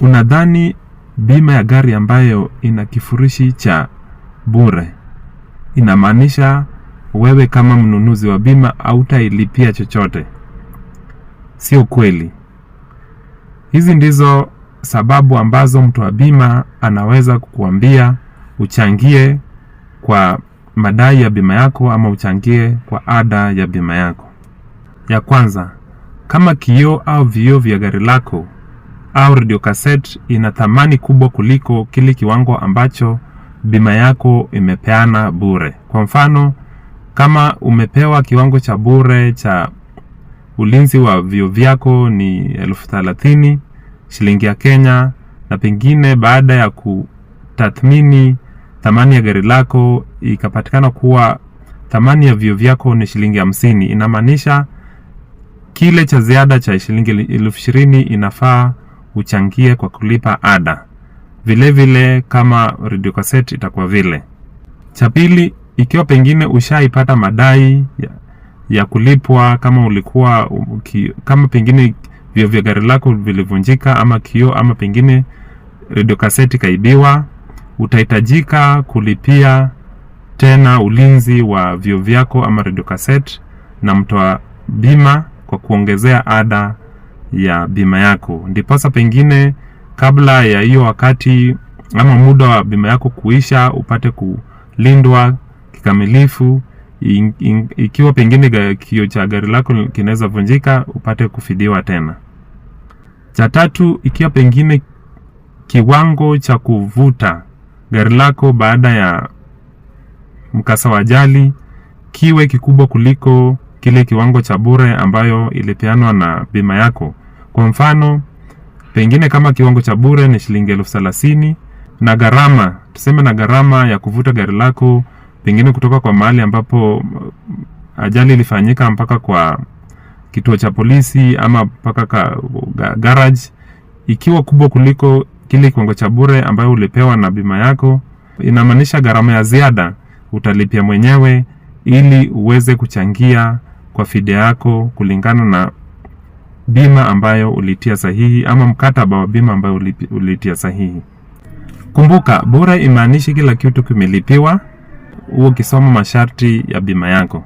Unadhani bima ya gari ambayo ina kifurushi cha bure inamaanisha wewe kama mnunuzi wa bima hautailipia chochote? Sio kweli. Hizi ndizo sababu ambazo mtu wa bima anaweza kukuambia uchangie kwa madai ya bima yako ama uchangie kwa ada ya bima yako. Ya kwanza, kama kioo au vioo vya gari lako au radio cassette ina thamani kubwa kuliko kile kiwango ambacho bima yako imepeana bure. Kwa mfano, kama umepewa kiwango cha bure cha ulinzi wa vio vyako ni elfu thelathini shilingi ya Kenya, na pengine baada ya kutathmini thamani ya gari lako ikapatikana kuwa thamani ya vio vyako ni shilingi hamsini, inamaanisha kile cha ziada cha shilingi elfu ishirini inafaa uchangie kwa kulipa ada. Vilevile vile kama Radio Cassette itakuwa vile. Cha pili, ikiwa pengine ushaipata madai ya, ya kulipwa kama ulikuwa uki, kama pengine vio vya gari lako vilivunjika ama kioo ama pengine radio cassette kaibiwa, utahitajika kulipia tena ulinzi wa vio vyako ama radio cassette na mtoa bima kwa kuongezea ada ya bima yako. Ndiposa pengine kabla ya hiyo wakati ama muda wa bima yako kuisha, upate kulindwa kikamilifu. Ikiwa pengine kio cha gari lako kinaweza vunjika, upate kufidiwa tena. Cha tatu, ikiwa pengine kiwango cha kuvuta gari lako baada ya mkasa wa ajali kiwe kikubwa kuliko kile kiwango cha bure ambayo ilipeanwa na bima yako. Kwa mfano, pengine kama kiwango cha bure ni shilingi elfu thelathini na gharama tuseme, na gharama ya kuvuta gari lako pengine kutoka kwa mahali ambapo uh, ajali ilifanyika mpaka kwa kituo cha polisi ama mpaka garage, ikiwa kubwa kuliko kile kiwango cha bure ambayo ulipewa na bima yako, inamaanisha gharama ya ziada utalipia mwenyewe ili uweze kuchangia kwa fidia yako kulingana na bima ambayo ulitia sahihi ama mkataba wa bima ambayo ulitia sahihi. Kumbuka, bora imaanishi kila kitu kimelipiwa. Huo ukisoma masharti ya bima yako